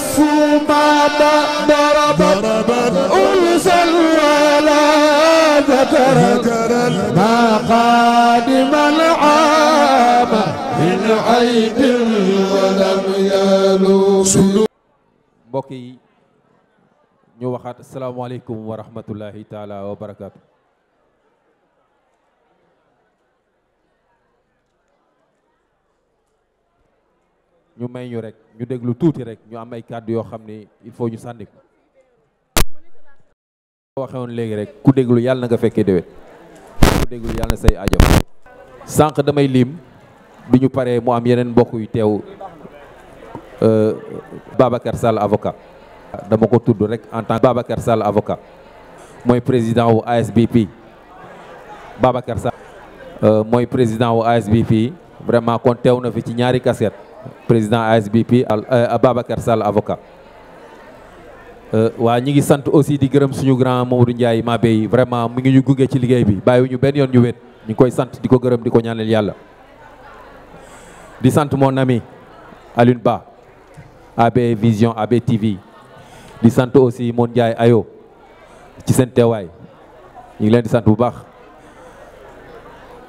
الصمام ضربت أنسا ولا ذكرت ما قادم العام من عيب ولم يلوم mbokk yi ñu waxaat asalaamaaleykum wa rahmatullahi taala wa barakaatu ñu may ñu rek ñu déglu tuuti rek ñu am ay kàddu yoo xam ni il faut ñu sànni ko waxe léegi rek ku déglu yàlla na fekkee déwén déglu yàlla say ajo sànq damay liim bi ñu paree mu am yeneen mbokk yu teew euh, Babacar Sall avocat dama ko tudd rek en tant que Babacar Sall avocat mooy président wu ASBP Babacar Sall euh, mooy président wu ASBP vraiment kon teew na fi ci ñaari casquette président a euh, Ababacar Sall avocat euh, waa ñi ngi sant aussi di gërëm suñu grand Mamadou Ndiaye Mabé yi vraiment mu ngi ñu gunge ci liggéey bi bàyyiwuñu benn yoon ñu wéet ñu koy sant di ko gërëm di ko ñaanal yàlla di sant moo nami Alioune Ba AB Vision AB TV di sant aussi moo Ndiaye Ayo ci seen teewaay ñu ngi leen di sant bu baax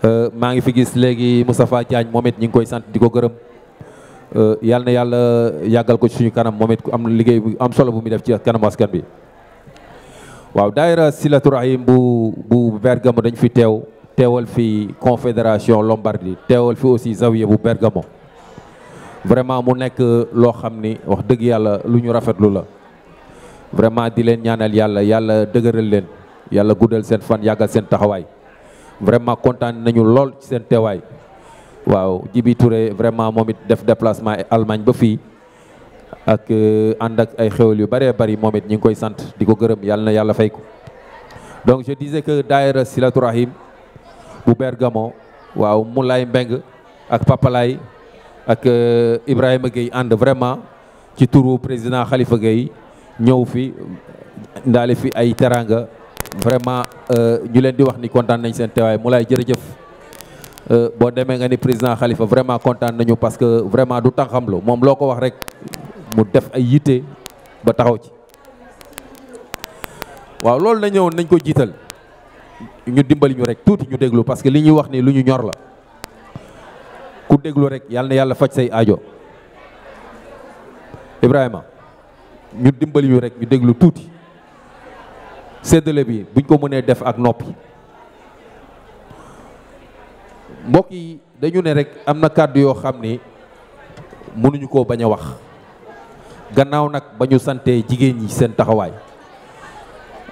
euh, maa ngi fi gis léegi Moustapha Diagne moom ñu ngi koy sant di ko gërëm Euh, yal na yàlla yàggal ko ci suñu kanam moom it am liggéey bu am solo bu muy def ci kanam askan bi waaw daayira silatu rahim bu bu Bergamo dañ fi teew teewal fi confédération Lombardie teewal fi aussi zawiya bu Bergamo vraiment mu nekk loo xam ni wax dëgg yàlla lu ñu rafetlu la vraiment di leen ñaanal yàlla yàlla dëgëral leen yàlla guddal seen fan yàggal seen taxawaay vraiment kontaan nañu lool ci seen teewaay waaw Djibi Touré vraiment moom def déplacement Allemagne ba fii ak euh, ànd ak ay xéwal yu bëree bëri moom it ñu ngi koy sant di ko gërëm yàlla na yàlla fay ko donc je disais que daayira Silatu Rahim bu Bergamo waaw lay Mbeng ak Papalay ak euh, Ibrahima Gueye ànd vraiment ci turu président xalifa Gueye ñëw fi ndaale fi ay teranga vraiment euh, ñu leen di wax ni kontaan nañ seen teewaay Moulay jërëjëf Euh, boo demee nga ni président xalifa vraiment kontaan nañu parce que vraiment du tànxamlu moom loo ko wax rek mu def ay yitte ba taxaw ci waaw loolu na ñëw nañ ko jiital ñu dimbali ñu rek tuuti ñu déglu parce que li ñuy wax ni lu ñu ñor la ku déglu rek yàlla na yàlla faj say ajo Ibrahima ñu dimbali ñu rek ñu déglu tuuti séddale bi buñ ko mënee def ak noppi. mbokk yi dañu ne rek am na kàddu yoo xam ni mënuñu koo bañ a wax gannaaw nag bañu santee jigéen ñi seen taxawaay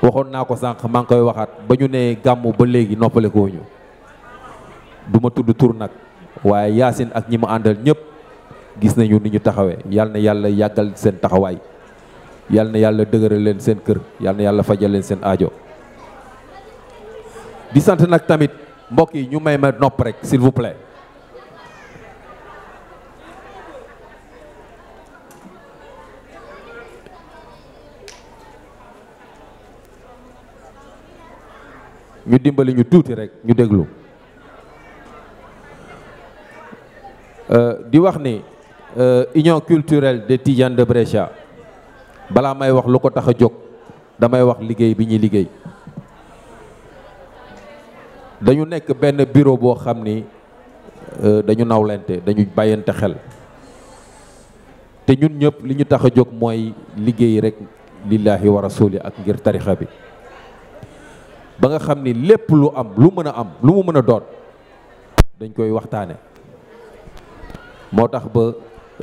waxoon naa ko sànq maa ngi koy waxaat ba ñu nee gàmmu ba léegi noppale koo ñu du ma tudd tur nag waaye yaasin ak ñi ma àndal ñëpp gis nañu ni ñu taxawee yal na yàlla yàggal seen taxawaay yal na yàlla dëgëral leen seen kër yal na yàlla fajal leen seen aajo di sant nag tamit. mbokk yi ñu may ma nopp rek s'il ñu dimbali ñu tuuti rek ñu déglu euh, di wax ni euh, union culturelle des Tidianes de Brescia balaa may wax lu ko tax a jóg damay wax liggéey bi ñuy liggéey. dañu nekk benn bureau boo xam ni euh, dañu nawlante dañu bàyyante xel te ñun ñëpp li ñu tax a jóg mooy liggéey rek lillahi wa rasuli ak ngir tarixa bi ba nga xam ni lépp lu am lu mën a am lu mu mën a doot dañ koy waxtaane moo tax ba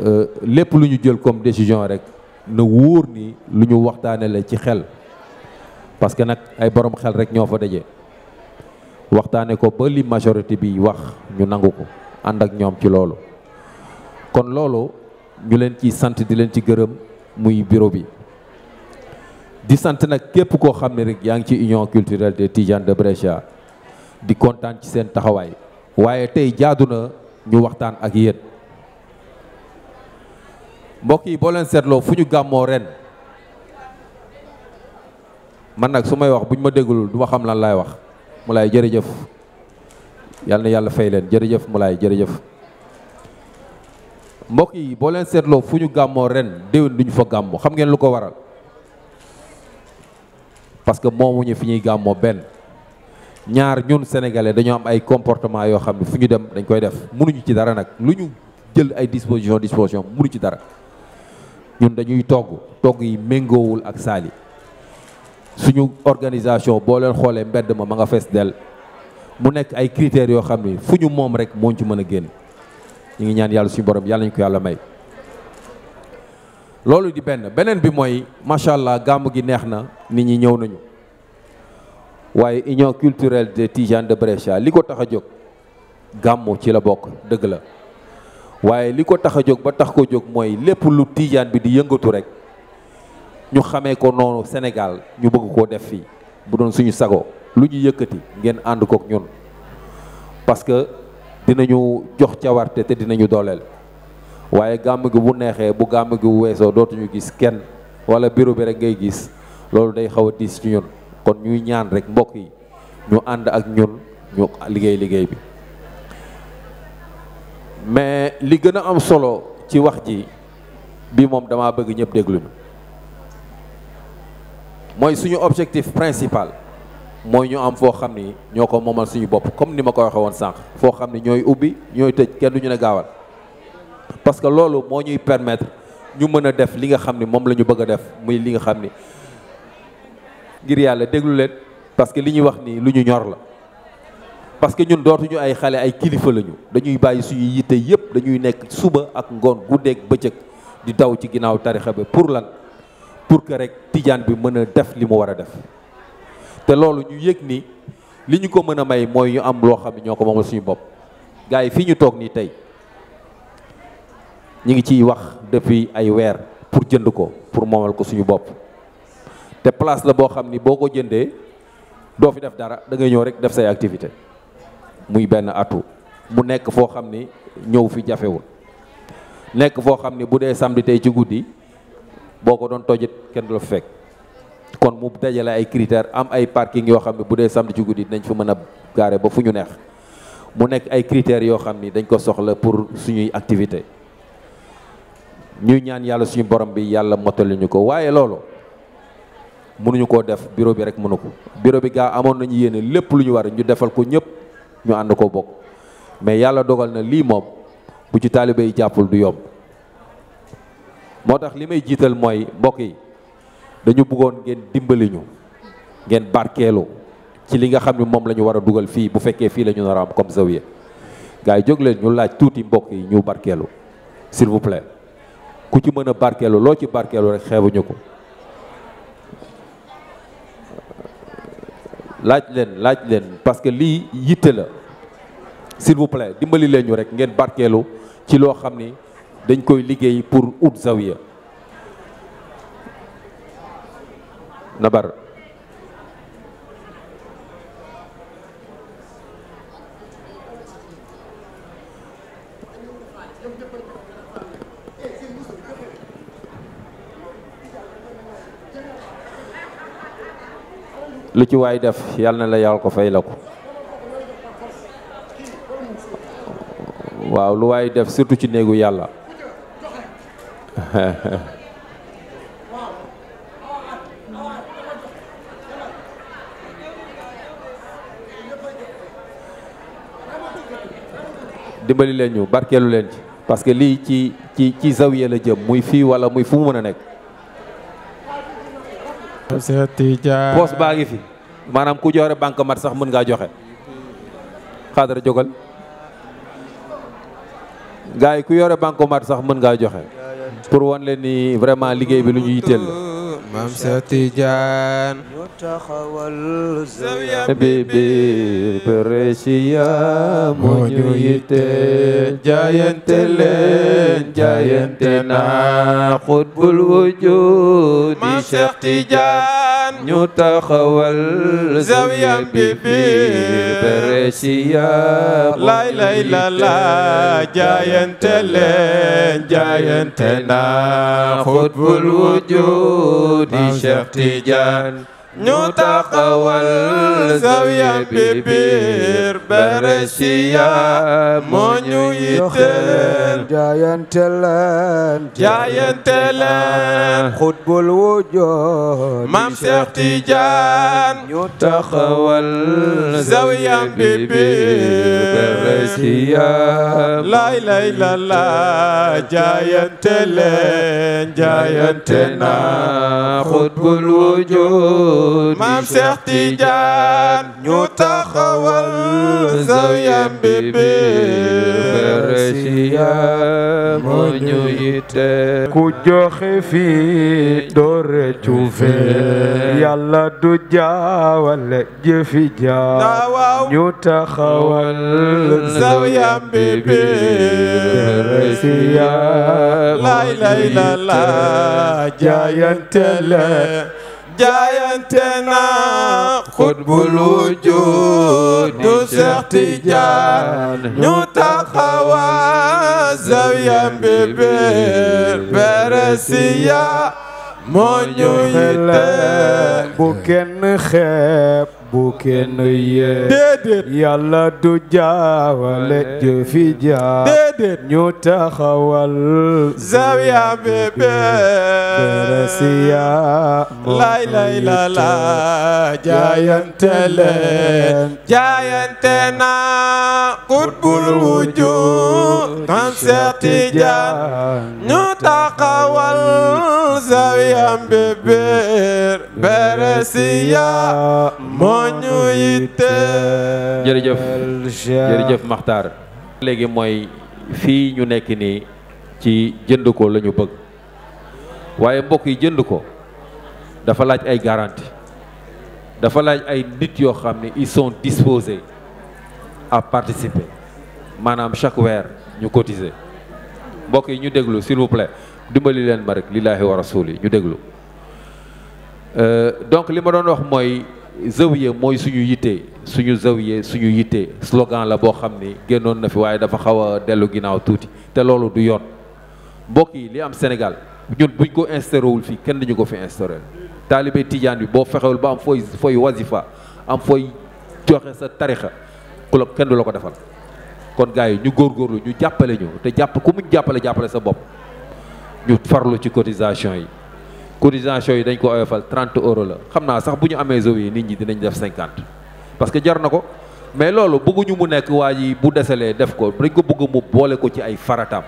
euh, lépp lu ñu jël comme décision rek na wóor ni lu ñu waxtaane la ci xel parce que nag ay borom xel rek ñoo fa daje waxtaane ko ba li majorité bi wax ñu nangu ko ànd ak ñoom ci loolu kon loolu ñu leen ci sant di leen ci gërëm muy bureau bi di sant nag képp koo xam ne rek yaa ngi ci union culturelle des Tidianes de Brescia di kontaan ci seen taxawaay waaye tey jaadu na ñu waxtaan ak yéen mbokk yi boo leen seetloo fu ñu gàmmoo ren man nag su may wax bu ñu ma déglul du xam lan laay wax Moulay jërëjëf yal na yàlla fay leen jërëjëf Moulay jërëjëf mbokk yi boo leen seetloo fu ñu gàmmoo ren déwén duñu fa gàmmoo xam ngeen lu ko waral parce que ñu fi ñuy gàmmoo benn ñaar ñun sénégalais dañoo am ay comportement yoo xam ne fu ñu dem dañ koy def mënuñu ci dara nag lu ñu jël ay disposition disposition mënu ci dara ñun dañuy togg togg yi méngoowul ak saali suñu organisation boo leen xoolee mbedd ma ma nga fees dell mu nekk ay critères yoo xam ni fu ñu moom rek moo ci mën a génn ñu ngi ñaan yàlla suñu borom yàlla ñu ko yàlla may. loolu di benn beneen bi mooy macha allah gàmm gi neex na nit ñi ñëw nañu waaye union culturelle de Tidianes de Brescia li ko tax a jóg gàmmu ci la bokk dëgg la waaye li ko tax a jóg ba tax ko jóg mooy lépp lu Tidiane bi di yëngatu rek. ñu xamee ko noonu Sénégal ñu bëgg koo def fii bu doon suñu sago lu ñu yëkkati ngeen ànd kook ñun parce que dinañu jox cawarte te dinañu dooleel waaye gàmm gi bu neexee bu gàmm gi weesoo dootuñu gis kenn wala bureau bi rek ngay gis loolu day xaw a diis ci ñun kon ñuy ñaan rek mbokk yi ñu ànd ak ñun ñu liggéey liggéey bi mais li gën a am solo ci wax ji bii moom dama bëgg ñëpp dégluñu mooy suñu objectif principal mooy ñu am foo xam ni ñoo ko moomal suñu bopp comme ni ma ko waxee woon sànq foo xam ni ñooy ubbi ñooy tëj kenn du ñu ne gaawal parce que loolu moo ñuy permettre ñu mën a def li nga xam ni moom la ñu bëgg a def muy li nga xam ni ngir yàlla déglu leen parce que li ñuy wax nii lu ñu ñor la parce que ñun dootuñu ay xale ay kilifa lañu dañuy bàyyi suñu yitte yépp dañuy nekk suba ak ngoon guddeeg bëccëg di daw ci ginnaaw tarixa bi pour lan pour que rek tijaan bi mën a def li mu war a def te loolu ñu yëg ni li ñu ko mën a may mooy ñu am loo xam ne ñoo ko moomal suñu bopp gars yi fii ñu toog nii tey ñu ngi ciy wax depuis ay weer pour jënd ko pour moomal ko suñu bopp te place la boo xam ni boo ko jëndee doo fi def dara da ngay ñëw rek def say activité muy benn atu mu nekk foo xam ni ñëw fi jafewul nekk foo xam ni bu dee samedi tey ci guddi boo ko doon tojit kenn du la fekk kon mu dajale ay critères am ay parking yoo xam ne bu dee samedi ci guddi nañ fa mën a gaare ba fu ñu neex mu nekk ay critères yoo xam ni dañ ko soxla pour suñuy activité ñuy ñaan yàlla suñu borom bi yàlla motali ñu ko waaye loolu mënuñu koo def bureau bi rek mënu ko bureau bi gaa amoon nañu yéene lépp lu ñu war ñu defal ko ñëpp ñu ànd ko bokk mais yàlla dogal na lii moom bu ci taalibe yi jàppul du yomb. moo tax li may jiital mooy mbokk yi dañu buggoon ngeen dimbali ñu ngeen barkeelu ci li nga xam ne moom lañu ñu war a dugal fii bu fekkee fii lañu ñu nar a am comme zawiya yi jóg leen ñu laaj tuuti mbokk yi ñu barkeelu s'il ku ci mën a barkeelu loo ci barkeelu rek xeebuñu ko laaj leen laaj leen parce que lii yitte la s'il dimbali leen ñu rek ngeen barkeelu ci loo xam ni dañ koy liggéey pour ut zawiya nabar lu ci waay def yàlla na la yàlla ko fay la ko waaw lu waay def surtout ci néegu yàlla dimbali leen ñu barkeelu leen ci parce que lii ci ci ci zawiya la jëm muy fii wala muy fu mu mën a nekk. poos baa ngi fi maanaam ku joxe banque mat sax mën ngaa joxe. xaadara jógal gars yi ku yore banque mat sax mën ngaa joxe. pour wan leen ni vraiment liggéey bi lu ñu yitteel la. maam Seex Tijaan. bébé Brescia moo ñu yitteel. jaayante leen jaayante naa xutbul wujud di Seex ñu taxawal zawiyam bi biir Brescia lay lay la la jaayante leen jaayante na xutbul wujudi Cheikh ñu taxawal zawiya bi biir Brescia moo ñu leen jaayante leen rabbul wujuud maam Cheikh Tidiane ñu taxawal zawiyam bi beresiya lay lay la la jaayante leen jaayante na xutbul wujuud maam Cheikh Tidiane ñu taxawal zawiyam bi beresiya moo ñu yite ku joxe yi doo fee yàlla du jaawale jëfi jaaw ñu taxawal zawiyam bi biir siya lay lay la la jaayante la du Seex Tijaan ñu taxawal zawiyam bi biir moo ñu yitteel bu kenn xeeb bu kenn yee déedéet yàlla du jaawale jëfi jaa déedéet ñu taxawal zawiya bébé berasiya lay lay la la jaayante leen jaayante na kutbul wujud tan seeti jaa ñu taxawal zawiyam bi biir beresiya moo ñu yitteel jërëjëf jërëjëf Maxtaar léegi mooy fii ñu nekk nii ci jënd ko la ñu bëgg waaye mbokk yi jënd ko dafa laaj ay garantie dafa laaj ay nit yoo xam ne ison sont disposés à participer maanaam chaque weer ñu cotise mbokk yi ñu déglu s'il vous dimbali leen ma rek lillaahi wa rasuli ñu déglu euh, donc li ma doon wax mooy zawiye mooy suñu yitte suñu zawiye suñu yitte slogan la boo xam ni génnoon na fi waaye dafa xaw a dellu ginnaaw tuuti te loolu du yoon mbokk li am Sénégal ñun buñ ko instauréwul fii kenn dañu ko fi instauré taalibe tiijaan bi boo fexewul ba am fooy fooy wazifa am fooy joxe sa tarixa ku la kenn du la ko defal kon gars yi ñu góorgóorlu ñu jàppale ñu te jàpp ku mu jàppale jàppale sa bopp ñu farlu ci cotisation yi cotisation yi dañ ko oyofal 30 euro la xam naa sax bu ñu amee zow yi nit ñi dinañ def cinquante parce que jar na ko mais loolu bëgguñu mu nekk waa ji bu desalee def ko dañ ko bëgg mu boole ko ci ay farataam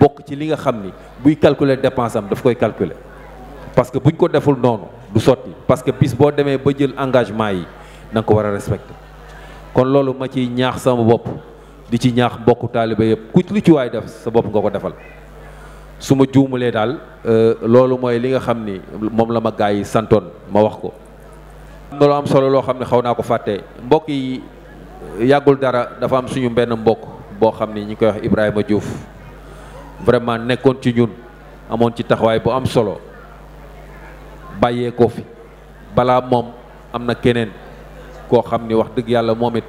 bokk ci li nga xam ni buy calculer dépensam am daf koy calculer parce que buñ ko deful noonu du sotti parce que bis boo demee ba jël engagement yi na ko war a respecter kon loolu ma ciy ñaax sama bopp di ci ñaax mbokku taalibe yëpp ku ci waay def sa bopp nga ko defal. su ma lee daal euh, loolu mooy li nga xam ni moom la ma gaa yi santoon ma wax ko. am na am solo loo xam ne xaw naa ko fàtte mbokk yi yàggul dara dafa am suñu benn mbokk boo xam ni ñu koy wax Ibrahima Diouf vraiment nekkoon ci ñun amoon ci taxawaay bu am solo bàyyee ko fi balaa moom am na keneen koo xam ni wax dëgg yàlla moom it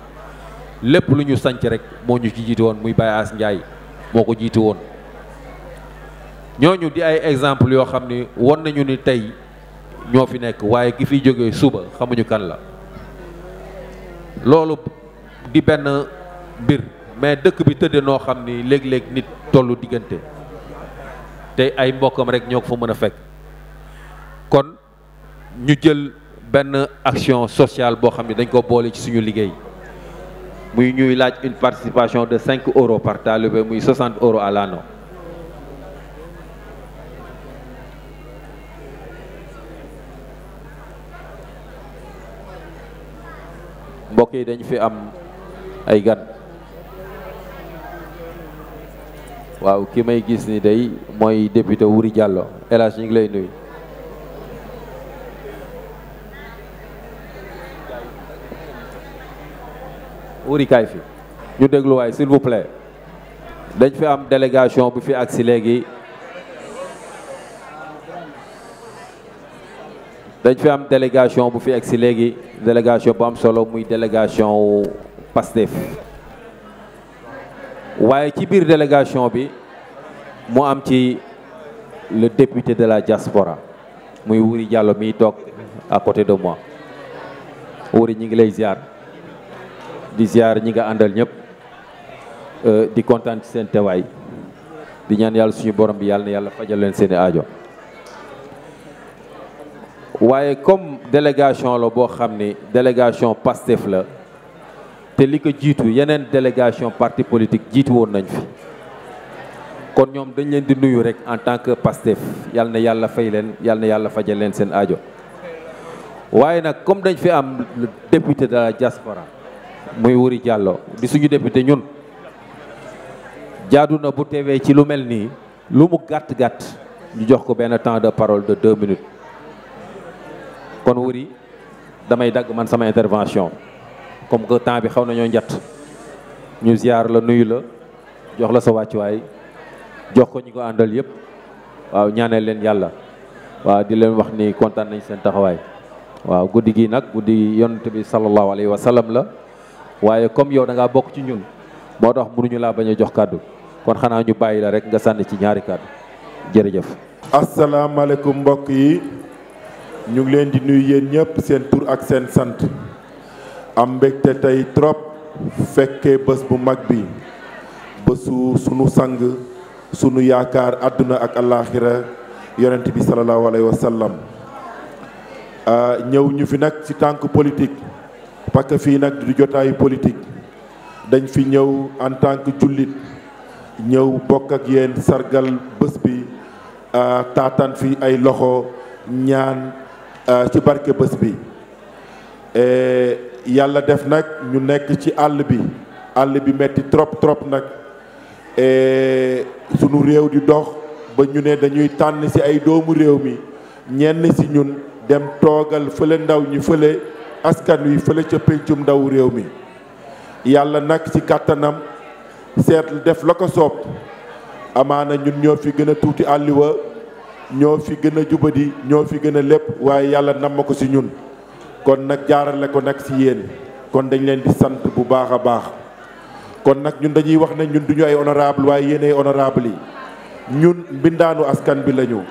lépp lu ñu sanc rek moo ñu ci jiite woon muy Baye As Ndiaye moo ko jiite woon. ñooñu di ay exemple yoo xam ni won nañu ni tey ñoo fi nekk waaye ki fiy jógee suba xamuñu kan la loolu di benn mbir mais dëkk bi tëdde noo xam ni léeg-léeg nit tollu diggante tey ay mbokkam rek ñoo ko fa mën a fekk kon ñu jël benn action sociale boo xam ne dañ ko boole ci suñu liggéey muy ñuy laaj une participation de cinq euros par talibé muy 60 euros à l'année mbokk yi dañ fi am ay gan waaw ki may gis ni day mooy député Wuri Diallo El Hadj ñu ngi lay nuyu. Wuri kaay fi ñu dégluwaay s'il vous dañ fi am délégation bu fi agsi léegi. dañ fi am délégation bu fi egg si léegi délégation bu am solo muy délégation Pastef waaye ci biir délégation bi mu am ci le député de la diaspora muy Wuri Diallo mi toog à côté de moi Wuri ñi ngi lay ziar di ziar ñi nga àndal ñëpp euh, di kontaan ci seen tewaay di ñaan yàlla suñu borom bi yàlla na yàlla fajal leen seeni aajo waaye comme délégation la boo xam ni délégation PASTEF la te li ko jiitu yeneen délégation parti politique jiitu woon nañ fi kon ñoom dañ leen di nuyu rek en tant que PASTEF yal na yàlla fay leen yal yàlla fajal leen seen aajo waaye nag comme dañ fi am député de la diaspora muy Wuri jàlloo di suñu député ñun jaadu na bu teewee ci lu mel nii lu mu gàtt gàtt ñu jox ko benn temps de parole de deux minutes. kon wuri damay dagg man sama intervention comme que temps bi xaw nañoo njat ñu ziar la nuyu la jox la sa wàccuwaay jox ko ñi ko àndal yëpp waaw ñaanal leen yàlla waaw di leen wax ni kontaan nañ seen taxawaay waaw guddi gi nag guddi yonent bi sallallahu alayhi wa sallam la waaye comme yow da bokk ci ñun moo tax ñu laa bañ a jox kàddu kon xanaa ñu bàyyi la rek nga sànni ci ñaari kàddu jërëjëf. asalaamaaleykum mbokk yi. ñu ngi leen di nuyu yéen ñëpp seen pour ak seen sant am mbégte tey trop fekkee bés bu mag bi bésu sunu sang sunu yaakaar àdduna ak alaaxira yonent bi salallaahu alayhi wa sallam ah, ñëw ñu fi nag ci tànk politique parce que fii nag du jotaayu politique dañ fi ñëw en tant que jullit ñëw bokk ak yéen sargal bés bi ah, taataan fi ay loxo ñaan Euh, ci barke bés bi yàlla def nag ñu nekk ci àll bi àll bi metti trop trop nag sunu réew di dox ba ñu nee dañuy tànn ci ay doomu réew mi ñenn ci ñun dem toogal fële ndaw ñi fële askan wi fële ca péncum ndaw réew mi yàlla nag ci kàttanam seet def la ko soob amaana ñun ñoo fi gën tuuti àlliwa ñoo fi gën a jubadi ñoo fi gën a lépp waaye yàlla nam ma ko si ñun kon nag jaarale ko nak si yéen kon dañu leen di sant bu baax a baax kon nag ñun dañuy wax na ñun duñu ay honorable waaye yéen ay honorable yi ñun mbindaanu askan bi lañu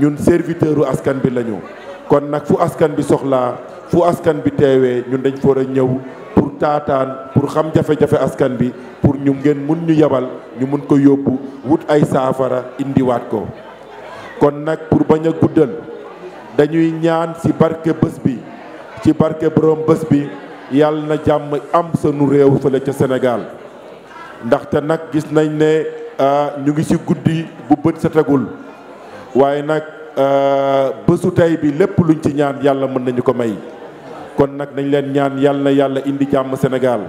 ñun serviteuru askan bi lañu kon nag fu askan bi soxlaa fu askan bi teewee ñun dañ foor a ñëw pour taataan pour xam jafe-jafe askan bi pour ñu ngeen mën ñu yabal ñu mën ko yóbbu wut ay saafara indiwaat ko kon nag pour bañ a guddal dañuy ñaan ci barke bés bi ci barke borom bés bi yàlla na jàmm am sënu réew fële ca Sénégal ndaxte nag gis nañ ne euh, ñu ngi ci guddi bu bët tegul waaye nag euh, bésu tey bi lépp luñ ci ñaan yàlla mën nañu ko may kon nag nañ leen ñaan yàlla na yàlla indi jàmm senegal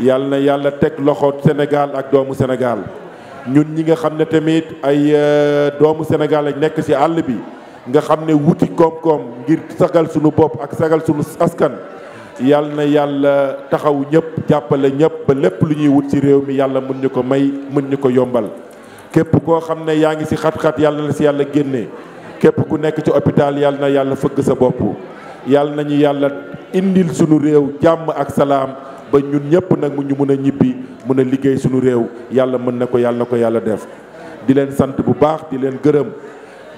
yàlla na yàlla teg loxo Sénégal ak doomu Sénégal ñun ñi nga xam ne tamit ay euh, doomu Sénégal lañ nekk ci àll bi nga xam ne wuti koom-koom ngir sagal sunu bopp ak sagal suñu askan yàlla na yàlla taxaw ñëpp jàppale ñëpp ba lépp lu ñuy wut ci réew mi yàlla mun ñu ko may mën ñu ko yombal képp koo xam ne yaa ngi ci xat-xat yàlla na ci yàlla génnee képp ku nekk ci hôpital yàlla na yàlla fëgg sa bopp yàlla nañu yàlla indil suñu réew jàmm ak salaam ba ñun ñëpp nag mu ñu mën a ñibbi mën a liggéey suñu réew yàlla mën na ko yàlla na ko yàlla def di leen sant bu baax di leen gërëm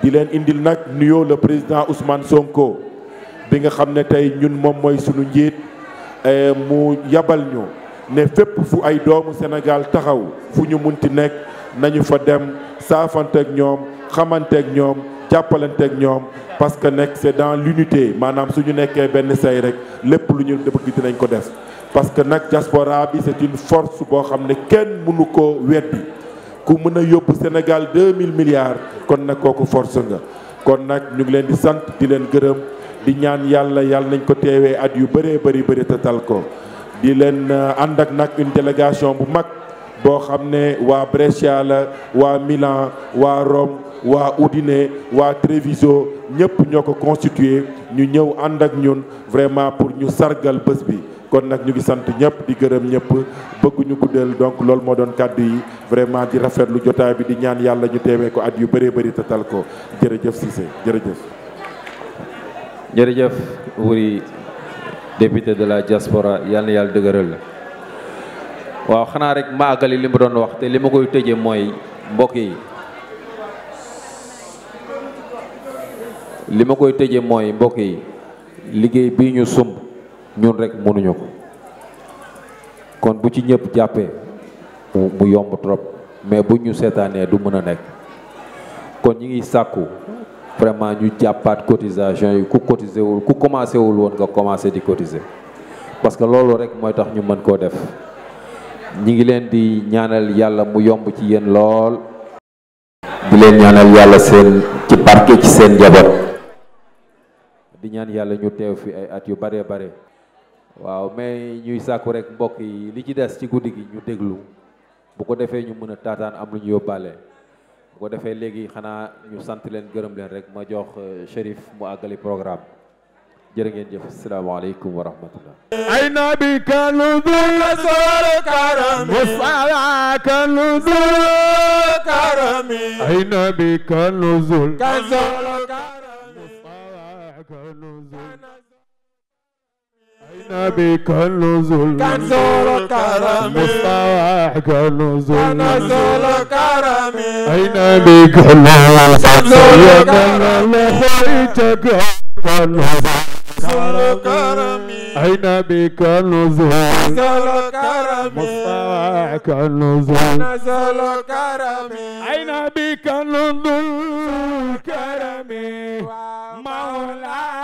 di leen indil nag nuyoo le président Ousmane Sonko bi nga xam ne tey ñun moom mooy suñu njiit e mu yabal ñu ne fépp fu ay doomu Sénégal taxaw fu ñu mun munti nekk nañu fa dem saafanteeg ñoom xamanteeg ñoom jàppalanteeg ñoom parce que nekk c'est dans l'unité maanaam su ñu nekkee benn say rek lépp lu ñu bëgg dinañ ko def parce que nag diaspora bi c'est une force boo xam ne kenn mënu koo weddi ku mën a yóbbu Sénégal 2000 milliards kon nag kooku force nga kon nag ñu ngi leen di sant di leen gërëm di ñaan yàlla yàlla nañ ko teewee at yu bëree bari bëri tatal ko di leen euh, ànd ak nag une délégation bu mag boo xam ne waa Brescia waa Milan waa Rome waa Udine waa Treviso ñëpp ñoo ko constitué ñu ñëw ànd ak ñun vraiment pour ñu sargal bés bi kon nag ñu ngi sant ñëpp di gërëm ñëpp bëgguñu guddal donc loolu moo doon kàddu yi vraiment di rafetlu jotaay bi di ñaan yàlla ñu teewee ko at yu bëree bëri te tal ko jërëjëf Cissé jërëjëf. jërëjëf Wuri député de la diaspora yàlla yàlla dëgëral la waaw xanaa rek ma li mu doon wax te li ma koy tëjee mooy mbokk yi. li ma koy tëjee mooy mbokk yi liggéey bi ñu sumb. ñun rek mënuñu ko kon bu ci ñëpp jàppee mu yomb trop mais bu ñu seetaanee du mën a nekk kon ñi ngi sàkku vraiment ñu jàppaat cotisation yi ku cotiser wul ku commencé wul woon nga commencé di cotiser parce que loolu rek mooy tax ñu mën koo def ñi ngi leen di ñaanal yàlla mu yomb ci yéen lool di leen ñaanal yàlla seen ci barke ci seen njaboot di ñaan yàlla ñu teew fi ay at yu bare bare waaw mais ñuy sàkku rek mbokk yi li ci des ci guddi gi ñu déglu bu ko defee ñu mën a taataan am lu ñu yóbbaale bu ko defee léegi xanaa ñu sant leen gërëm leen rek ma jox euh, Chérif mu àggali programme jërë ngeen jëf asalaamaaleykum wa rahmatullah ay na bi kanuzul karami musala kanuzul karami بك النزول كنزول كرمي مستواح كنزول كنزول كرمي أين بك النزول كنزول كرمي خيتك كنزول كرمي أين بك النزول كنزول كرمي مستواح كنزول كنزول كرمي أين بك النزول كرمي مولاي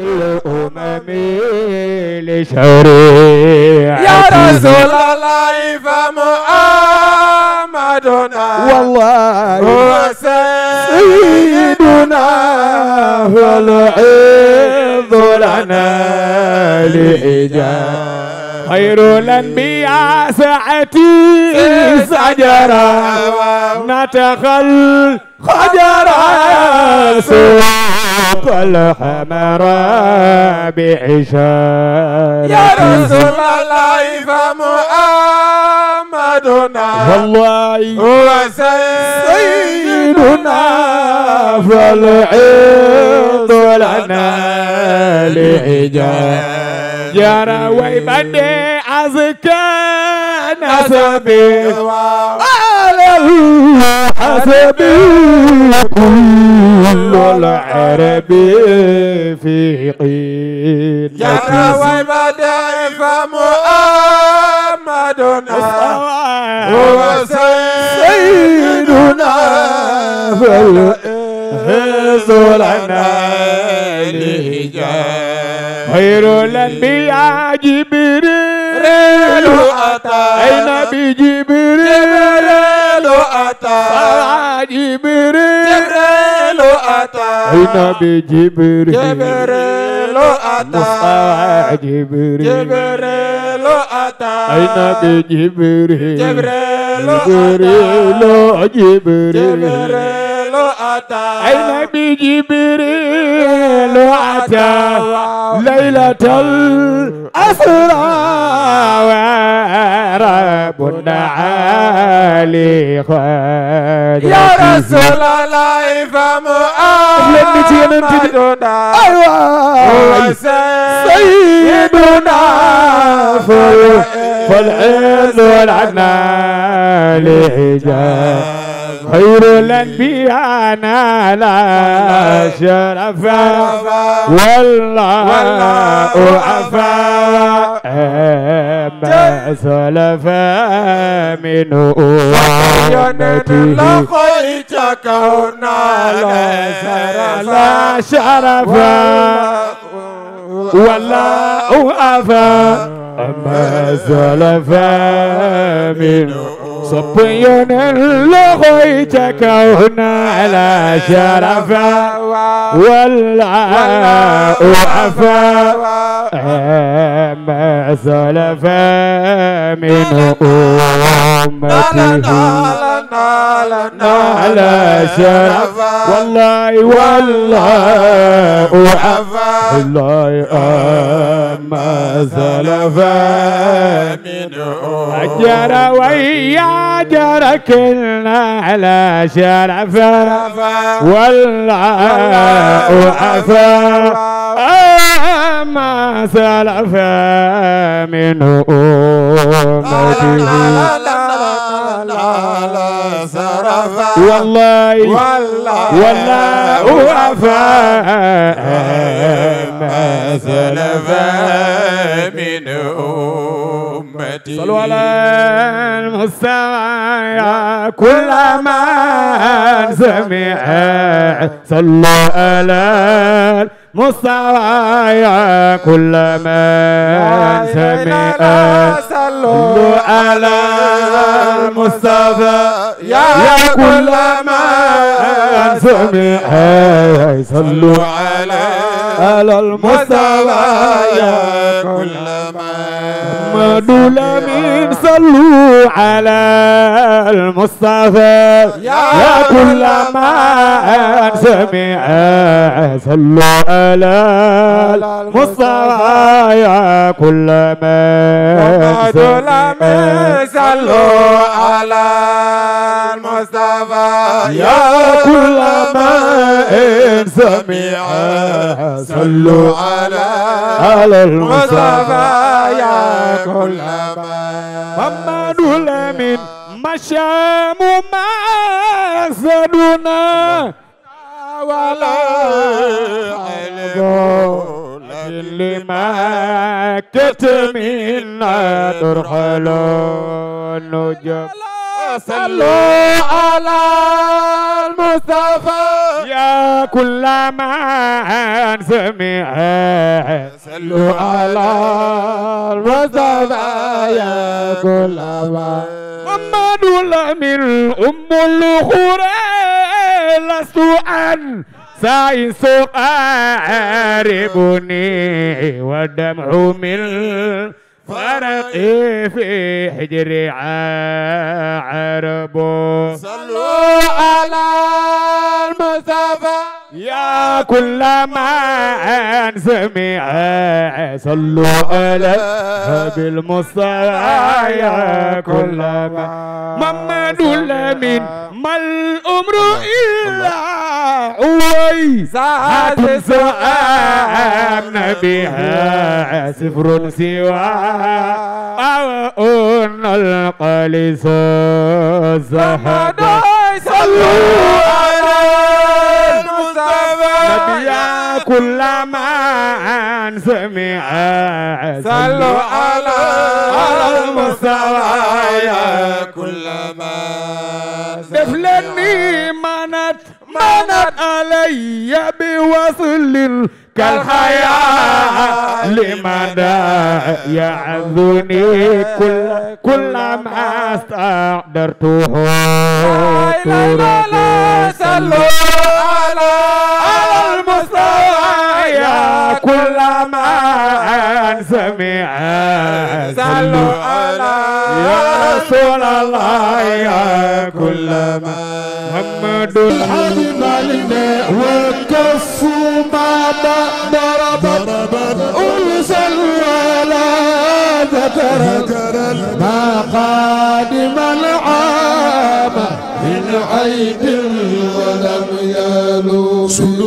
الأمم لشريعة يا رسول الله فمحمدنا والله هو سيدنا والعظ لنا لإجابة خير الأنبياء ساعتي سجرا نتخل خجر سوق الحمر بعشار يا رسول الله فمؤمدنا والله هو سيدنا فالعيد لنا لحجار يا روي من أزكى نسبي حسبي كل العرب في قيل يا نوي مدائف محمدنا هو سيدنا فالعز لنا لهجان خير الانبياء جبريل جبريل أتى أي نبي جبريل أتى جبريل جبريل أتى أي نبي جبريل جبريل أتى جبريل جبريل أتى أي نبي جبريل جبريل جبريل جبريل لو أتى أين بجبريل أتى ليلة الأسرى وربنا علي خادم يا رسول الله فمؤمن أيوة سيدنا فالعين والعنان لحجاب خير الأنبياء نال شرفا والله أفا ما سلف منه وحينته لقيت كونا لا شرفا والله أفا ما سلف منه sopp yoneen loxoy ca kaw na la sharafa wala wafa ma salafa min ummatihi ala sharafa wallahi wala wafa wallahi ما سلف منه أجر ويا جر كلنا على شرف والله عفا ما سلف منه موته لا سرفا والله والله وفا ما سلفا من أمتي صلوا على المستوى كل ما سمع صلوا على مستوايا كل من سمع صلوا على المصطفى يا كل من سمعي صلوا على على المصطفى يا كل ما دولا من صلوا على المصطفى يا كل ما سمعي صلوا على المصطفى يا كل ما دولا من صلوا على المصطفى يا كل ماء سميعا صلوا على على المصطفى يا كل ماء محمد الامين مشام ما سدنا ولا علم كل ما كتمنا نرحل نجم صلوا على المصطفى يا كل ما سمع صلوا على المصطفى يا كل ما محمد الأمين أم الخرى لست أن سايس قاربني ودمع من فرقي في حجري عرب صلوا على المصطفى يا كل من سمع صلوا على بالمصطفى يا كل من محمد لمن ما الامر الا عويسعة سؤال بها سفر سوى أن القليس الزهد صلوا على المصطفى كل من سمع صلوا على المصطفى كل من سمع منت علي بوصل كالحياة لمدى يعذني كل كل ما استقدرته لا لا لا صلوا على المصطفى كل ما من سمع صلوا على يا رسول الله يا كل ما محمد الحبيب علينا وكف ما ضربت أنسل ولا ذكر ما قادم العام من عيب ولم يلوم